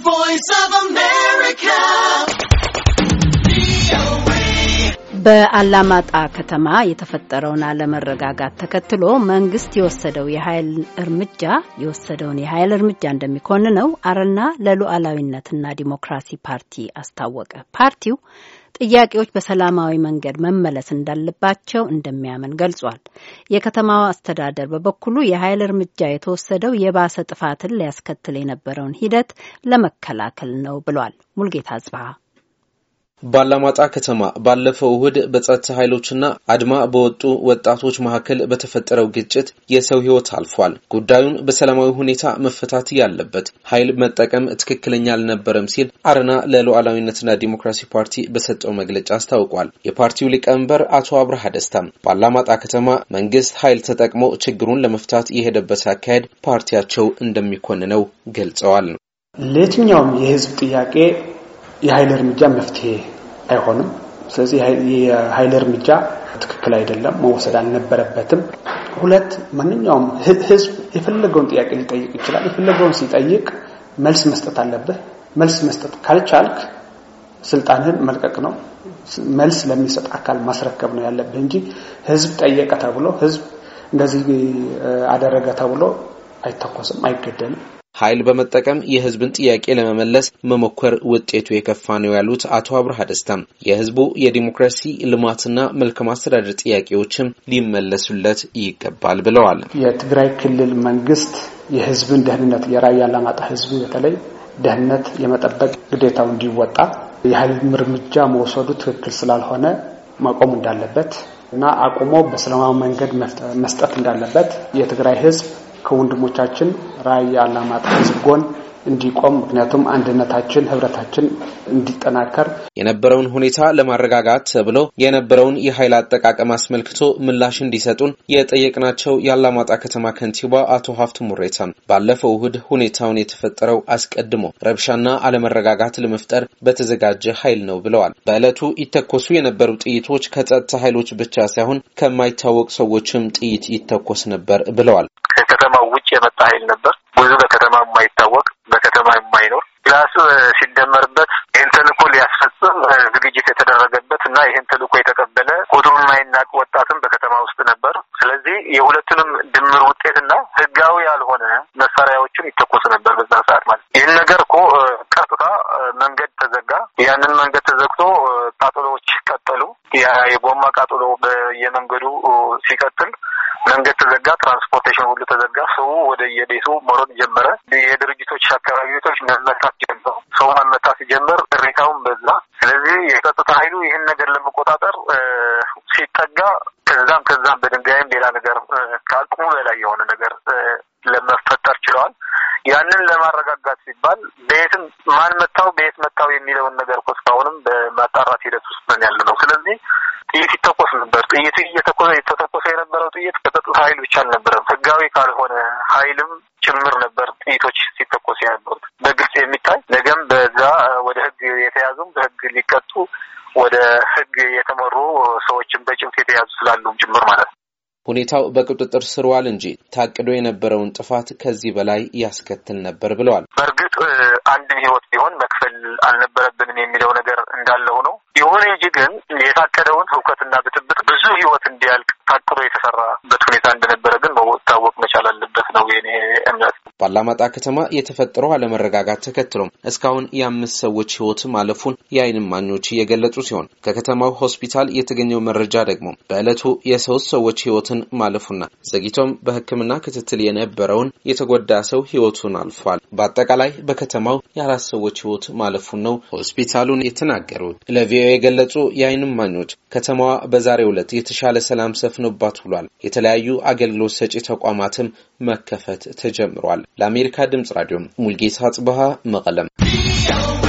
voice of a man. በአላማጣ ከተማ የተፈጠረውን አለመረጋጋት ተከትሎ መንግስት የወሰደው የኃይል እርምጃ የወሰደውን የኃይል እርምጃ እንደሚኮንነው አረና ለሉዓላዊነትና ዲሞክራሲ ፓርቲ አስታወቀ። ፓርቲው ጥያቄዎች በሰላማዊ መንገድ መመለስ እንዳለባቸው እንደሚያምን ገልጿል። የከተማው አስተዳደር በበኩሉ የኃይል እርምጃ የተወሰደው የባሰ ጥፋትን ሊያስከትል የነበረውን ሂደት ለመከላከል ነው ብሏል። ሙልጌታ አጽብሃ ባላማጣ ከተማ ባለፈው እሁድ በጸጥታ ኃይሎችና አድማ በወጡ ወጣቶች መካከል በተፈጠረው ግጭት የሰው ሕይወት አልፏል። ጉዳዩን በሰላማዊ ሁኔታ መፈታት ያለበት ኃይል መጠቀም ትክክለኛ አልነበረም ሲል አረና ለሉዓላዊነትና ዲሞክራሲ ፓርቲ በሰጠው መግለጫ አስታውቋል። የፓርቲው ሊቀመንበር አቶ አብርሃ ደስታም ባላማጣ ከተማ መንግስት ኃይል ተጠቅሞ ችግሩን ለመፍታት የሄደበት አካሄድ ፓርቲያቸው እንደሚኮንነው ገልጸዋል። ለየትኛውም የህዝብ ጥያቄ የኃይል እርምጃ መፍትሄ አይሆንም። ስለዚህ የኃይል እርምጃ ትክክል አይደለም፣ መወሰድ አልነበረበትም። ሁለት ማንኛውም ህዝብ የፈለገውን ጥያቄ ሊጠይቅ ይችላል። የፈለገውን ሲጠይቅ መልስ መስጠት አለብህ። መልስ መስጠት ካልቻልክ ስልጣንህን መልቀቅ ነው። መልስ ለሚሰጥ አካል ማስረከብ ነው ያለብህ እንጂ ህዝብ ጠየቀ ተብሎ ህዝብ እንደዚህ አደረገ ተብሎ አይተኮስም፣ አይገደልም። ኃይል በመጠቀም የህዝብን ጥያቄ ለመመለስ መሞከር ውጤቱ የከፋ ነው ያሉት አቶ አብርሃ ደስታም የህዝቡ የዲሞክራሲ ልማትና መልካም አስተዳደር ጥያቄዎችም ሊመለሱለት ይገባል ብለዋል። የትግራይ ክልል መንግስት የህዝብን ደህንነት የራያ አላማጣ ህዝብ በተለይ ደህንነት የመጠበቅ ግዴታው እንዲወጣ የኃይል እርምጃ መውሰዱ ትክክል ስላልሆነ መቆም እንዳለበት እና አቁሞ በሰላማዊ መንገድ መስጠት እንዳለበት የትግራይ ህዝብ ከወንድሞቻችን ራይ አላማጣ ህዝብ ጎን እንዲቆም ምክንያቱም አንድነታችን ህብረታችን እንዲጠናከር የነበረውን ሁኔታ ለማረጋጋት ተብሎ የነበረውን የኃይል አጠቃቀም አስመልክቶ ምላሽ እንዲሰጡን የጠየቅናቸው የአላማጣ ከተማ ከንቲባ አቶ ሀፍቱ ሙሬታ። ባለፈው እሁድ ሁኔታውን የተፈጠረው አስቀድሞ ረብሻና አለመረጋጋት ለመፍጠር በተዘጋጀ ኃይል ነው ብለዋል። በዕለቱ ይተኮሱ የነበሩ ጥይቶች ከጸጥታ ኃይሎች ብቻ ሳይሆን ከማይታወቅ ሰዎችም ጥይት ይተኮስ ነበር ብለዋል። ከውጭ የመጣ ኃይል ነበር። ብዙ በከተማ የማይታወቅ በከተማ የማይኖር ፕላስ ሲደመርበት ይህን ተልእኮ ሊያስፈጽም ዝግጅት የተደረገበት እና ይህን ተልእኮ የተቀበለ ቁጥሩ የማይናቅ ወጣትም በከተማ ውስጥ ነበር። ስለዚህ የሁለቱንም ድምር ውጤትና ህጋዊ ያልሆነ መሳሪያዎችን ይተኮስ ነበር በዛ ሰዓት ማለት ይህን ነገር እኮ ቀጥታ መንገድ ተዘጋ። ያንን መንገድ የቦማ የጎማ ቃጠሎ በየመንገዱ ሲቀጥል መንገድ ተዘጋ፣ ትራንስፖርቴሽን ሁሉ ተዘጋ። ሰው ወደ የቤቱ መሮጥ ጀመረ። የድርጅቶች ቤቶች መመታት ጀመሩ። ሰው መመታ ሲጀምር ቅሬታውን በዛ። ስለዚህ የጸጥታ ኃይሉ ይህን ነገር ለመቆጣጠር ሲጠጋ ከዛም ከዛም በድንጋይም ሌላ ነገር ከአቅሙ በላይ የሆነ ነገር ለመፈጠር ችለዋል። ያንን ለማረጋጋት ሲባል ቤትም ማን መታው በየት መታው የሚለውን ነገር እኮ እስካሁንም ማጣራት ሂደት ውስጥ ነን ያለ ነው። ስለዚህ ጥይት ይተኮስ ነበር። ጥይት እየተኮሰ የተተኮሰ የነበረው ጥይት ከጸጥታ ኃይል ብቻ አልነበረም፣ ህጋዊ ካልሆነ ኃይልም ጭምር ነበር ጥይቶች ሲተኮስ የነበሩት በግልጽ የሚታይ ነገም በዛ ወደ ህግ የተያዙም በህግ ሊቀጡ ወደ ህግ የተመሩ ሰዎችም በጭብጥ የተያዙ ስላሉም ጭምር ማለት ነው። ሁኔታው በቁጥጥር ስር ዋል እንጂ ታቅዶ የነበረውን ጥፋት ከዚህ በላይ ያስከትል ነበር ብለዋል። በእርግጥ አንድን ህይወት ቢሆን መክፈል አልነበረብንም የሚለው ነገር እንዳለ ሆኖ ይሁን እንጂ ግን የታቀደውን ህውከትና ብጥብጥ ብዙ ህይወት እንዲያልቅ ታቅዶ የተሰራ በአላማጣ ከተማ የተፈጠረው አለመረጋጋት ተከትሎ እስካሁን የአምስት ሰዎች ህይወት ማለፉን የዓይን እማኞች እየገለጹ ሲሆን ከከተማው ሆስፒታል የተገኘው መረጃ ደግሞ በዕለቱ የሶስት ሰዎች ህይወትን ማለፉና ዘግይቶም በህክምና ክትትል የነበረውን የተጎዳ ሰው ህይወቱን አልፏል። በአጠቃላይ በከተማው የአራት ሰዎች ህይወት ማለፉን ነው ሆስፒታሉን የተናገሩት ለቪኦኤ የገለጹ የዓይን እማኞች። ከተማዋ በዛሬው ዕለት የተሻለ ሰላም ሰፍኖባት ውሏል። የተለያዩ አገልግሎት ሰጪ ተቋማትም መከፈት ተጀምሯል። ለአሜሪካ ድምፅ ራዲዮ ሙልጌሳ ጽብሃ መቀለም